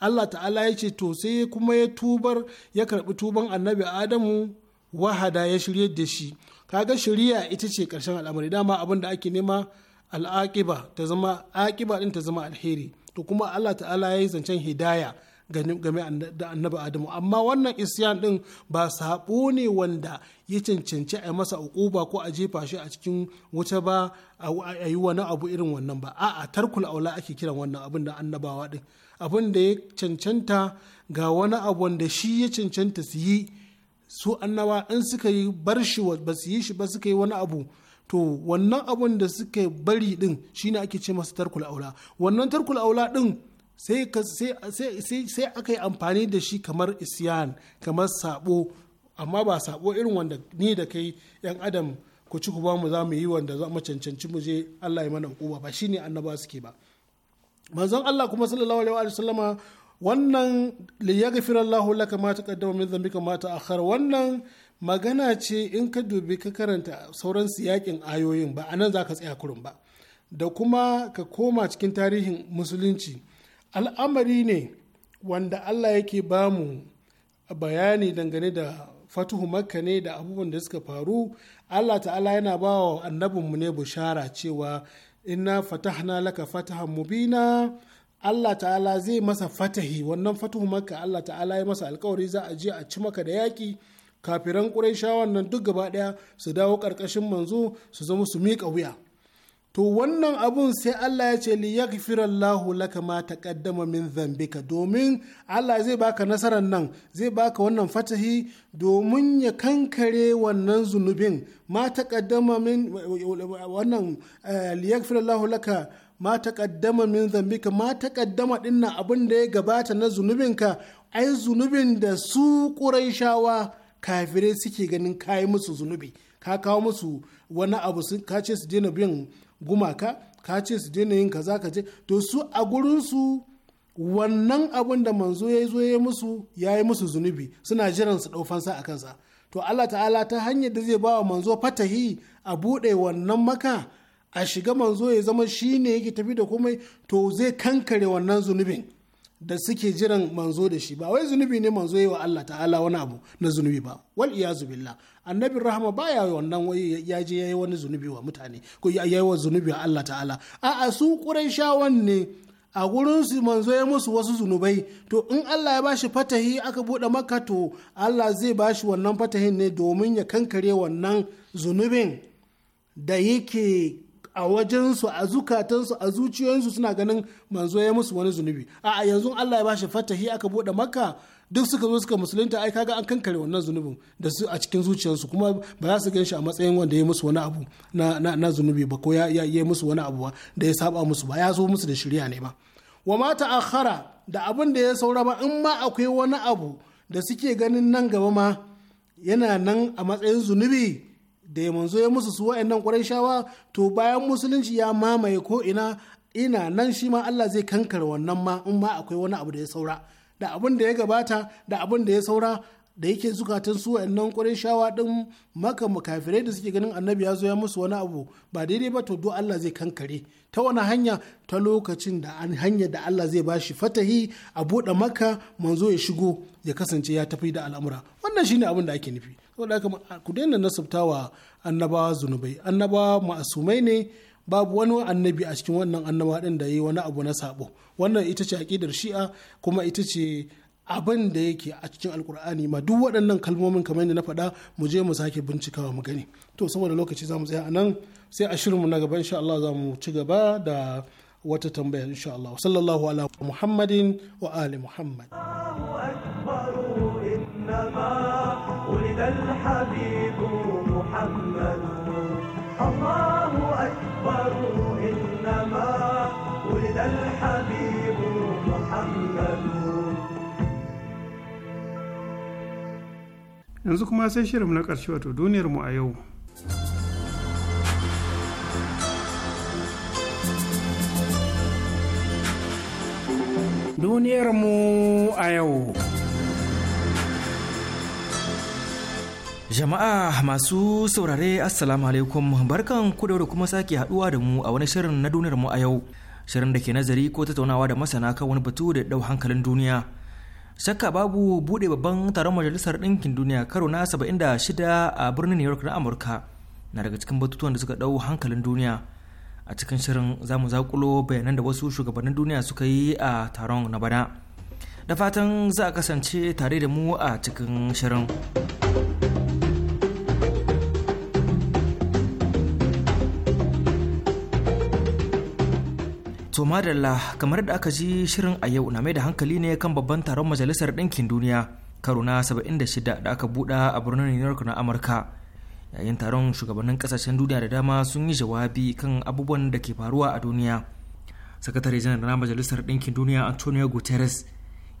S9: Allah ta'ala ya ce to sai kuma ya tubar ya karbi tuban annabi adamu wahada ya shirye da shi kaga shari'a ita ce karshen al'amari dama abin da ake nema al'aqiba ta zama aqiba din ta zama alheri to kuma Allah ta'ala ya yi zancen hidaya game da annabi Adamu amma wannan isyan din ba sabo ne wanda ya cancanci a masa ukuba ko a jefa shi a cikin wuta ba a yi wani abu irin wannan ba a'a tarkul aula ake kiran wannan abin da annabawa din abin da ya cancanta ga wani abu wanda shi ya cancanta su yi su annawa in suka yi bar shi ba su yi shi ba suka yi wani abu to wannan abun da suka bari din shine ake ce masa tarkul aula wannan tarkul aula din sai sai aka yi amfani da shi kamar isyan kamar sabo amma ba sabo irin wanda ni da kai yan adam ku ci ku ba mu za mu yi wanda za mu cancanci mu je Allah ya mana hukuma ba shine annaba suke ba manzon Allah kuma sallallahu alaihi wa sallama wannan liyaghfira Allahu laka ma kaddama min zambika ma ta'akhkhara wannan magana ce in ka dubi ka karanta sauran siyakin ayoyin ba anan ka tsaya kurun ba da kuma ka koma cikin tarihin musulunci al'amari ne wanda Allah yake bamu bayani dangane da fatuhu makka ne da abubuwan da suka faru Allah ta'ala yana ba wa annabinmu ne bushara cewa inna fatahna laka fatahan mubina Allah ta'ala zai masa fatahi wannan fatahu maka Allah ta'ala ya masa alkawari za a je a ci maka da yaƙi kafiran ƙurayshawan nan duk gaba ɗaya su dawo ƙarƙashin manzo su zama su miƙa wuya to wannan abun sai Allah ya ce li yaghfirallahu laka ma taqaddama min dhanbika domin Allah zai baka nasarar nan zai baka wannan fatahi domin ya kankare wannan zunubin ma taqaddama min wannan eh, li laka ma taƙaddama min zambika ma taƙaddama dinnan abin da ya gabata na zunubinka ai zunubin da su ƙuraishawa kafirai suke ganin ka yi musu zunubi ka kawo musu wani abu ka ce su daina bin gumaka ka ce su daina yin kaza ka je to su a gurinsu wannan abin da manzo ya zo ya musu ya yi musu zunubi suna jiran su ɗaufansa a kansa to Allah ta'ala ta hanyar da zai ba wa manzo fatahi a buɗe wannan maka a shiga manzo ya zama shi ne yake tafi da komai to zai kankare wannan zunubin da suke jiran manzo da shi ba wai zunubi ne manzo yi wa Allah ta'ala wani abu na zunubi ba wal iyazu billah annabin rahama baya wannan wai ya je yayi wani zunubi wa mutane ko yayi wa zunubi wa Allah ta'ala a a su qurayshawan ne a gurin su manzo ya musu wasu zunubai to in Allah ya bashi fatahi aka bude maka to Allah zai bashi wannan fatahin ne domin ya kankare wannan zunubin da yake a wajensu a zukatansu a zuciyoyinsu suna ganin manzo ya musu wani zunubi a yanzu Allah ya bashi fatahi aka bude makka duk suka zo suka musulunta ai kaga an kankare wannan zunubin da su a cikin zuciyarsu kuma ba za su ganshi a matsayin wanda ya musu wani abu na na, zunubi ba ko ya ya musu wani abu ba da ya saba musu ba ya zo musu da shirya ne ba wa ma ta'akhara da abin da ya saura ba in ma akwai wani abu da suke ganin nan gaba ma yana nan a matsayin zunubi da ya manzo ya musu su wa'annan shawa, to bayan musulunci ya mamaye ko ina ina nan shi ma Allah zai kankar wannan ma in ma akwai wani abu da ya saura da abin da ya gabata da abin da ya saura da yake zukatan su wa'annan shawa din maka makafirai da suke ganin annabi ya zo ya musu wani abu ba daidai ba to do Allah zai kankare ta wani hanya ta lokacin da an hanya da Allah zai bashi fatahi a buɗe maka manzo ya shigo ya kasance ya tafi da al'amura wannan shine abin da ake nufi saboda ku daina nasabta wa annabawa zunubai annabawa ma'asumai ne babu wani annabi a cikin wannan annaba din da yi wani abu na sabo wannan ita ce aqidar shi'a kuma ita ce abin da yake a cikin alkur'ani ma duk waɗannan kalmomin kamar yadda na faɗa mu je mu sake bincikawa mu gani to saboda lokaci za mu tsaya a nan sai a shirin mu na gaba insha Allah za mu ci gaba da wata tambaya insha Allah sallallahu ala muhammadin wa ali muhammad
S1: yanzu kuma sai shirin na ƙarshe wato duniyarmu a yau
S3: duniyarmu a yau jama'a masu saurare assalamu alaikum barkan ku da kuma sake haduwa da mu a wani shirin na duniyarmu a yau shirin da ke nazari ko tattaunawa da masana kan wani batu da dau hankalin duniya shakka babu bude babban taron majalisar ɗinkin duniya karo na 76 a birnin new york na amurka na daga cikin batutuwan da suka ɗau hankalin duniya a cikin shirin za mu zakulo bayanan da wasu shugabannin duniya suka yi a taron na bana da fatan za a kasance tare da mu a cikin shirin. To madalla kamar da aka ji shirin a yau na mai da hankali ne kan babban taron majalisar ɗinkin duniya karo na 76 da aka buɗa a birnin New York na Amurka. Yayin taron shugabannin ƙasashen duniya da dama sun yi jawabi kan abubuwan da ke faruwa a duniya. Sakatare janar na majalisar ɗinkin duniya Antonio Guterres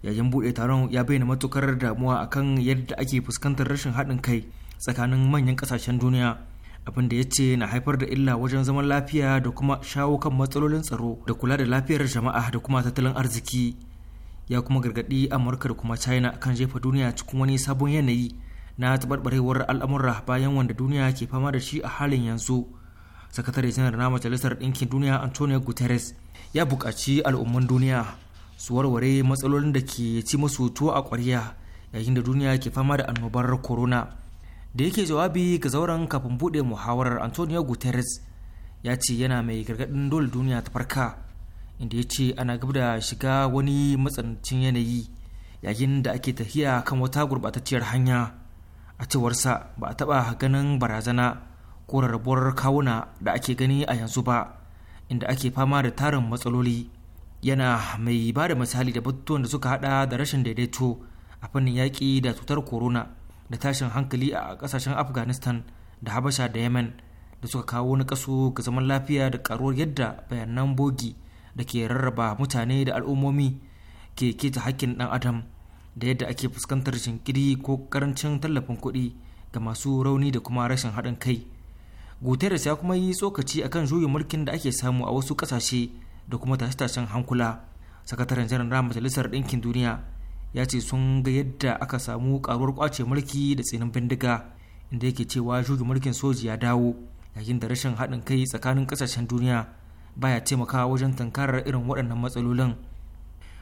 S3: yayin buɗe taron ya bayyana matukar damuwa akan yadda ake fuskantar rashin haɗin kai tsakanin manyan ƙasashen duniya. abin da ya ce na haifar da illa wajen zaman lafiya da kuma shawo kan matsalolin tsaro da kula da lafiyar jama'a da kuma tattalin arziki ya kuma gargaɗi amurka da kuma china kan jefa duniya cikin wani sabon yanayi na taɓarɓarewar al'amura bayan wanda duniya ke fama da shi a halin yanzu sakatare janar na majalisar ɗinkin duniya antonio guterres ya buƙaci al'umman duniya su warware matsalolin da ke ci masu tuwo a ƙwarya yayin da duniya ke fama da annobar corona da yake jawabi ga zauren kafin buɗe muhawarar antonio guterres ya ce yana mai gargaɗin dole duniya ta farka inda ya ce ana gab da shiga wani matsanancin yanayi yayin da ake tafiya kan wata gurɓatacciyar hanya a cewarsa ba a taɓa ganin barazana ko rarrabuwar kawuna da ake gani a yanzu ba inda ake fama da tarin matsaloli yana mai ba da misali da batutuwan da suka hada da rashin daidaito a fannin yaƙi da cutar corona da tashin hankali a kasashen afghanistan da habasha da yemen da suka kawo na kaso ga zaman lafiya da karuwar yadda bayanan bogi da ke rarraba mutane da al'ummomi ke keta hakkin dan adam da yadda ake fuskantar jinkiri ko karancin tallafin kuɗi ga masu rauni da kuma rashin haɗin kai guterres ya kuma yi tsokaci a kan juyin mulkin da ake samu a wasu ƙasashe da kuma tashe-tashen hankula sakataren janar majalisar ɗinkin duniya ya ce sun ga yadda aka samu karuwar kwace mulki da tsinin bindiga inda yake cewa shugin mulkin soji ya dawo yayin da rashin haɗin kai tsakanin ƙasashen duniya baya taimakawa wajen tankarar irin waɗannan matsalolin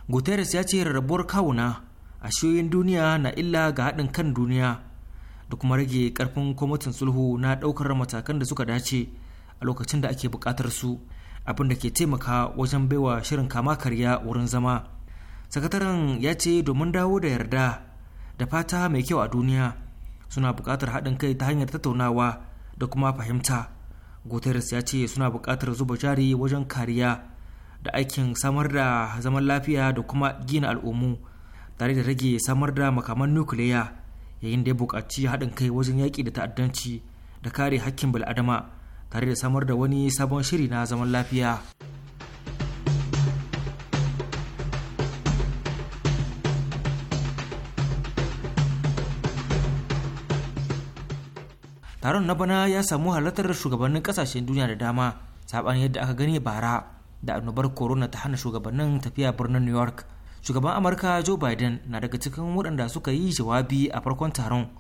S3: guterres ya ce rarrabuwar kawuna a shiyoyin duniya na illa ga haɗin kan duniya da kuma rage ƙarfin kwamitin sulhu na ɗaukar matakan da suka dace a lokacin da ake buƙatar su abin da ke taimaka wajen baiwa shirin kama karya wurin zama sakataren ya ce domin dawo da yarda da fata mai kyau a duniya suna bukatar haɗin kai ta hanyar tattaunawa da kuma fahimta guterres ya ce suna bukatar zuba jari wajen kariya da aikin samar da zaman lafiya da kuma gina al'ummu tare da rage samar da makaman nukiliya yayin da ya buƙaci haɗin kai wajen yaƙi da ta'addanci da kare haƙƙin bil'adama tare da samar da wani sabon shiri na zaman lafiya. taron na bana ya samu halartar shugabannin kasashen duniya da dama saban yadda aka gani bara da annobar corona ta hana shugabannin tafiya birnin new york shugaban amurka joe biden na daga cikin waɗanda suka yi jawabi a farkon taron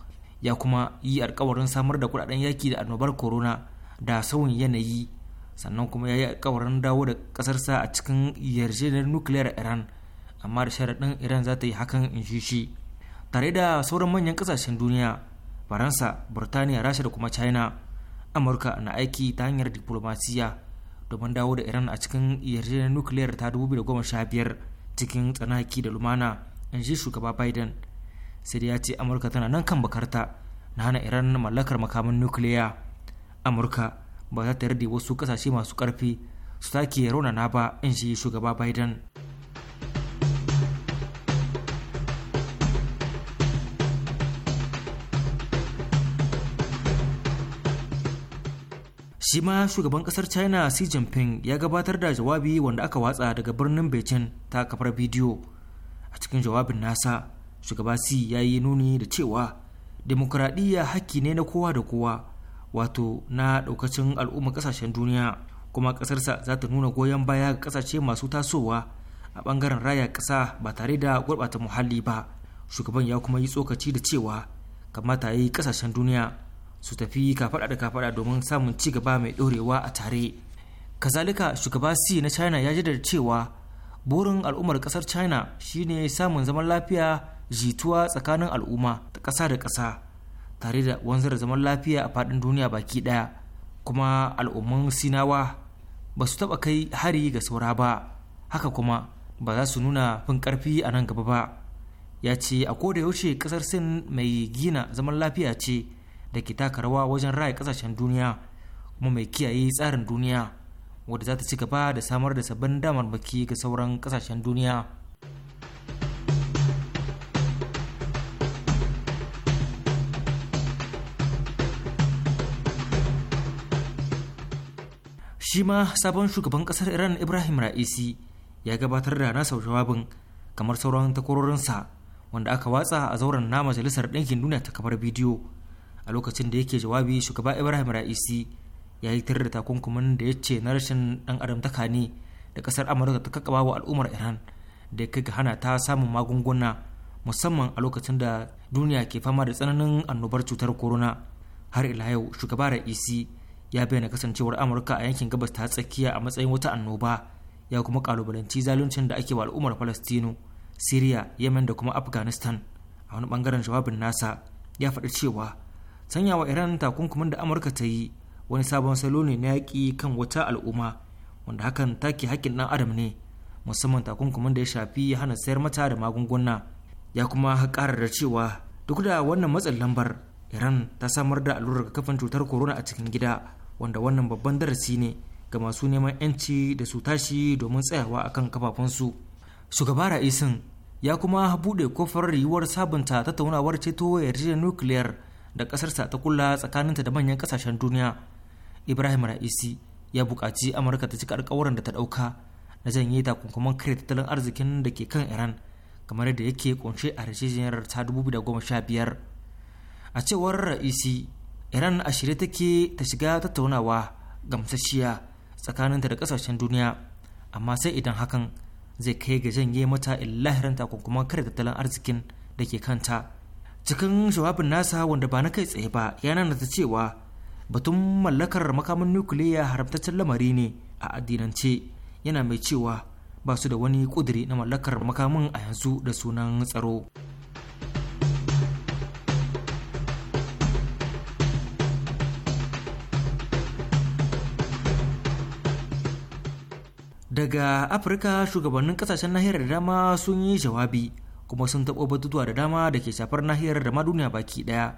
S3: ya kuma yi alkawarin samar da kuɗaɗen yaki da annobar corona da sauyin yanayi sannan kuma ya yi alkawarin dawo da ƙasarsa a cikin yarjejeniyar nukiliyar iran amma da sharaɗin iran za ta yi hakan in shi tare da sauran manyan ƙasashen duniya faransa burtaniya rasha da kuma china amurka na aiki ta hanyar diplomasiya domin dawo da iran a cikin yarjejeniyar nukiliyar ta 2015 cikin tsanaki da lumana in ji shugaba biden sai da ya ce amurka tana nan kan bakarta na hana iran mallakar makamin nukiliya amurka ba za ta yarda wasu kasashe masu karfi su take raunana ba in ji shugaba biden shi ma shugaban kasar china xi jinping ya gabatar da jawabi wanda aka watsa daga birnin beijing ta kafar bidiyo a cikin jawabin nasa shugaba xi ya yi nuni da cewa demokuraɗiyya haƙƙi ne na kowa da kowa wato na ɗaukacin al'ummar ƙasashen duniya kuma ƙasarsa za ta nuna goyon baya ga ƙasashe masu tasowa a ɓangaren raya ƙasa ba tare da gurɓata muhalli ba shugaban ya kuma yi tsokaci da cewa kamata ya yi ƙasashen duniya su tafi kafaɗa da kafada domin samun ci gaba mai ɗorewa a tare kazalika shugaba si na china ya jaddada cewa burin al'ummar kasar china shine samun zaman lafiya jituwa tsakanin al'umma ta ƙasa da ƙasa tare da wanzar zaman lafiya a faɗin duniya baki ɗaya kuma al'umman sinawa ba su taɓa kai hari ga saura ba haka kuma ba za su nuna fin karfi a nan gaba ba ya ce a koda yaushe ƙasar sin mai gina zaman lafiya ce da ke taka rawa wajen raya kasashen duniya kuma mai kiyaye tsarin duniya wadda za ta ci gaba da samar da sabbin damar baki ga sauran kasashen duniya shi ma sabon shugaban kasar iran ibrahim ra'isi ya gabatar da nasa jawabin kamar sauran takwarorinsa wanda aka watsa a zauren na majalisar ɗinkin duniya ta kamar bidiyo a lokacin da yake jawabi shugaba ibrahim ra'isi ya yi da takunkumin da ya ce na rashin dan adamtaka ne da kasar amurka ta kakaba wa al'ummar iran da ya kai ga hana ta samun magunguna musamman a lokacin da duniya ke fama da tsananin annobar cutar corona har ila yau shugaba ra'isi ya bayyana kasancewar amurka a yankin gabas ta tsakiya a matsayin wata annoba ya kuma kalubalanci zaluncin da ake wa al'ummar falastinu siriya yemen da kuma afghanistan a wani bangaren jawabin nasa ya faɗi cewa sanyawa iran takunkumin da amurka ta yi wani sabon salo ne na yaƙi kan wata al'umma wanda hakan take hakkin ɗan adam ne musamman takunkumin da ya shafi hana sayar mata da magunguna ya kuma ƙara da cewa duk da wannan matsin lambar iran ta samar da allurar kafin cutar corona a cikin gida wanda wannan babban darasi ne ga masu neman 'yanci da su tashi domin tsayawa akan kafafunsu shugaba ra'isin ya kuma buɗe kofar yiwuwar sabunta tattaunawar ceto yarjejeniyar nukiliyar da ƙasarsa ta kula tsakaninta da manyan ƙasashen duniya ibrahim ra'isi ya bukaci amurka ta cika alkawarin da ta ɗauka na janye takunkuman kare tattalin arzikin da ke kan iran kamar yadda yake kunshe a rashijiyar ta 2015 a cewar ra'isi iran a shirye take ta shiga tattaunawa gamsasshiya tsakaninta da kasashen duniya amma sai idan hakan zai kai ga janye mata illahirin takunkuman kare tattalin arzikin da ke kanta cikin jawabin nasa wanda ba na kai tsaye ba ya nanata cewa batun mallakar makamin nukiliya haramtaccen lamari ne a addinance yana mai cewa ba su da wani kuduri na mallakar makamin a yanzu da sunan tsaro daga afirka shugabannin kasashen nahiyar da dama sun yi jawabi kuma sun taɓo batutuwa da dama da ke shafar nahiyar da ma duniya baki ɗaya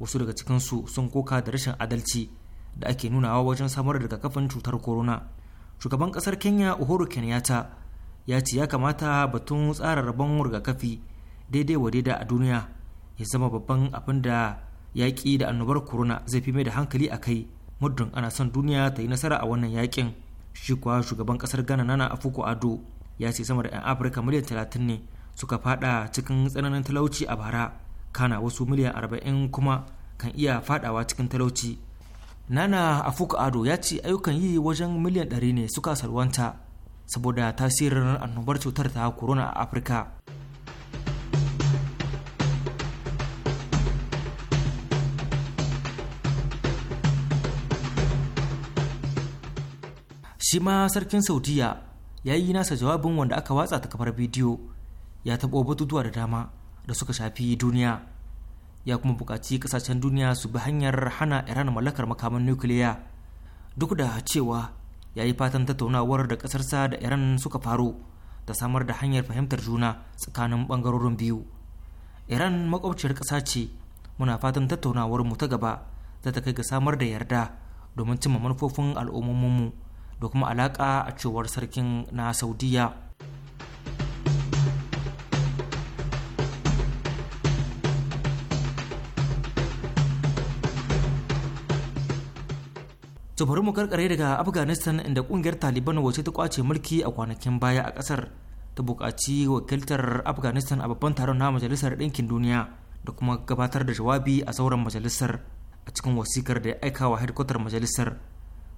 S3: wasu daga cikinsu sun koka da rashin adalci da ake nunawa wajen samar da kafin cutar corona shugaban ƙasar kenya uhuru kenyatta ya ce ya kamata batun tsara rabon rigakafi daidai wa daida a duniya ya zama babban abin da yaƙi da annobar corona zai fi mai da hankali a kai muddin ana son duniya ta yi nasara a wannan yaƙin shi kuwa shugaban ƙasar ghana nana afuku ado ya ce sama da 'yan afirka miliyan talatin ne suka fada cikin tsananin talauci a bara kana wasu miliyan arba'in kuma kan iya fadawa cikin talauci nana afuk ado ya ce ayyukan yi wajen miliyan ɗari ne suka salwanta saboda tasirin annobar cutar ta corona a afirka shi ma sarkin saudiya ya yi nasa jawabin wanda aka watsa ta kafar bidiyo ya taɓo batutuwa da dama da suka shafi duniya ya kuma buƙaci ƙasashen duniya su bi hanyar hana iran mallakar makaman nukiliya duk da cewa ya yi fatan tattaunawar da ƙasarsa da iran suka faru da samar da hanyar fahimtar juna tsakanin ɓangarorin biyu iran makwabciyar ƙasa ce muna fatan tattaunawar mu ta gaba za ta kai ga samar da yarda domin cimma manufofin al'ummominmu da kuma alaƙa a cewar sarkin na saudiya to bari mu karkare daga afghanistan inda kungiyar taliban wace ta kwace mulki a kwanakin baya a kasar ta buƙaci wakiltar afghanistan a babban taron na majalisar ɗinkin duniya da kuma gabatar da jawabi a sauran majalisar a cikin wasikar da ya aika wa hedkwatar majalisar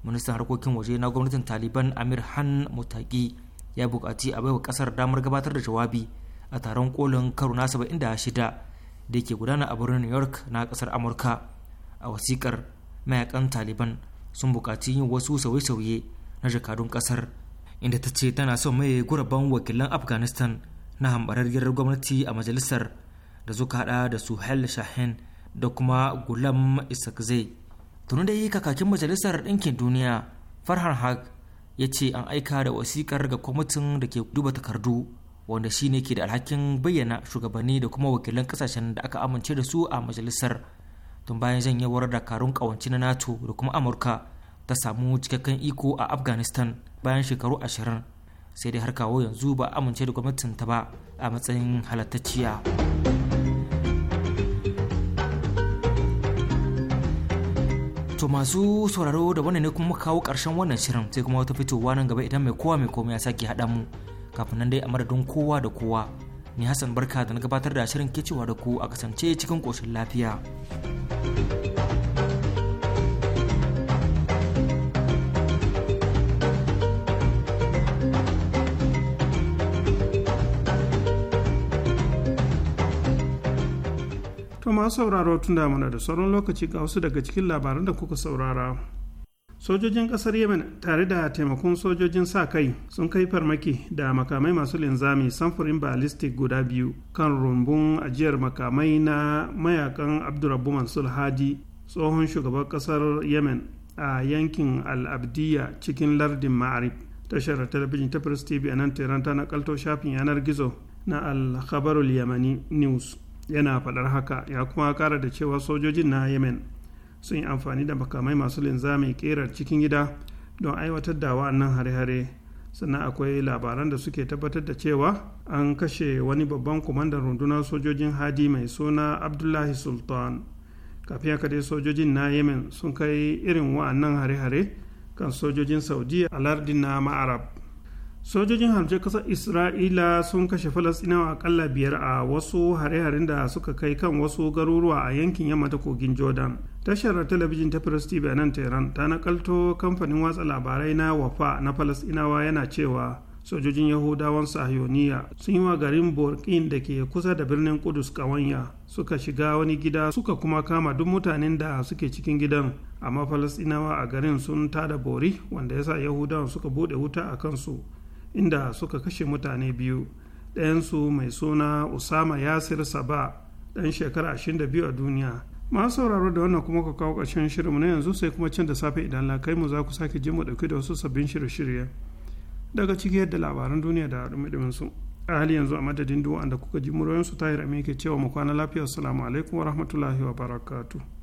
S3: ministan harkokin waje na gwamnatin taliban amir han mutaki ya buƙaci a baiwa ƙasar damar gabatar da jawabi a taron kolin karo na 76 da ke gudana a birnin new york na kasar amurka a wasikar mayakan taliban sun buƙaci yin wasu sauye-sauye na jakadun ƙasar inda ta ce tana son mai guraban wakilan afghanistan na hambarar gwamnati a majalisar da suka hada da suhail shahin da kuma gulam isakzai tuni dai kakakin majalisar ɗinkin duniya farhan haq ya ce an aika da wasikar ga kwamitin da ke duba takardu wanda shine ke da alhakin bayyana shugabanni da kuma wakilan ƙasashen da aka amince da su a majalisar tun bayan zan janyewar dakarun kawanci na nato da kuma amurka ta samu cikakken iko a afghanistan bayan shekaru ashirin sai dai har kawo yanzu ba amince da gwamnatin ta ba a matsayin halattacciya to masu sauraro da wannan ne kuma kawo karshen wannan shirin sai kuma wata fitowa nan gaba idan mai kowa mai komai ya sake haɗa mu kafin nan dai a madadin kowa da kowa ni hassan barka da na gabatar da shirin cewa da ku a kasance cikin koshin lafiya
S1: to masu sauraro tun da mana da sauran lokaci ga wasu daga cikin labaran da kuka saurara sojojin kasar yemen tare da taimakon sojojin sa kai sun kai farmaki da makamai masu linzami samfurin ballistic guda biyu kan rumbun ajiyar makamai na mayakan abdurrabu mansur hadi tsohon shugaban kasar yemen a yankin al-abdiya cikin lardin ma'arib tashar talabijin ta first tv a nan tehran ta nakalto shafin yanar gizo na al-khabarul yamani news yana faɗar haka ya kuma kara da cewa sojojin na yemen sun yi amfani da makamai masu linzami kerar cikin gida don aiwatar da wa'annan hare-hare sannan akwai labaran da suke tabbatar da cewa an kashe wani babban kwamandan rundunar sojojin hadi mai suna abdullahi sultan kafin haka dai sojojin na yemen sun kai irin wa'annan hare-hare kan sojojin Saudi a lardin na ma'arab sojojin hamshe kasar isra'ila sun kashe falastinawa akalla biyar a wasu hare-haren da suka kai kan wasu garuruwa a yankin yamma ta kogin jordan tashar talabijin ta Press a nan Tehran ta nakalto kamfanin watsa labarai na Wafa na Falasɗinawa yana cewa sojojin Yahudawan Sahiyoniya sun yi wa garin Borkin da ke kusa da birnin Kudus kawanya suka shiga wani gida suka kuma kama duk mutanen da suke cikin gidan amma Falasɗinawa a garin sun tada bori wanda yasa Yahudawan suka bude wuta a kansu inda suka kashe mutane biyu ɗayansu mai suna Usama Yasir Saba ɗan shekara 22 a duniya masu sauraro da wannan kuma ka kawo ƙarshen shirinmu na yanzu sai kuma can da safe idan lakai mu za ku sake jin mu ɗauki da wasu sabbin shirye-shirye daga ciki yadda labaran duniya da dumi su a hali yanzu a madadin duwa da kuka ji muryoyinsu tahir amin ke cewa mu kwana lafiya assalamu alaikum wa rahmatullahi wa barakatuh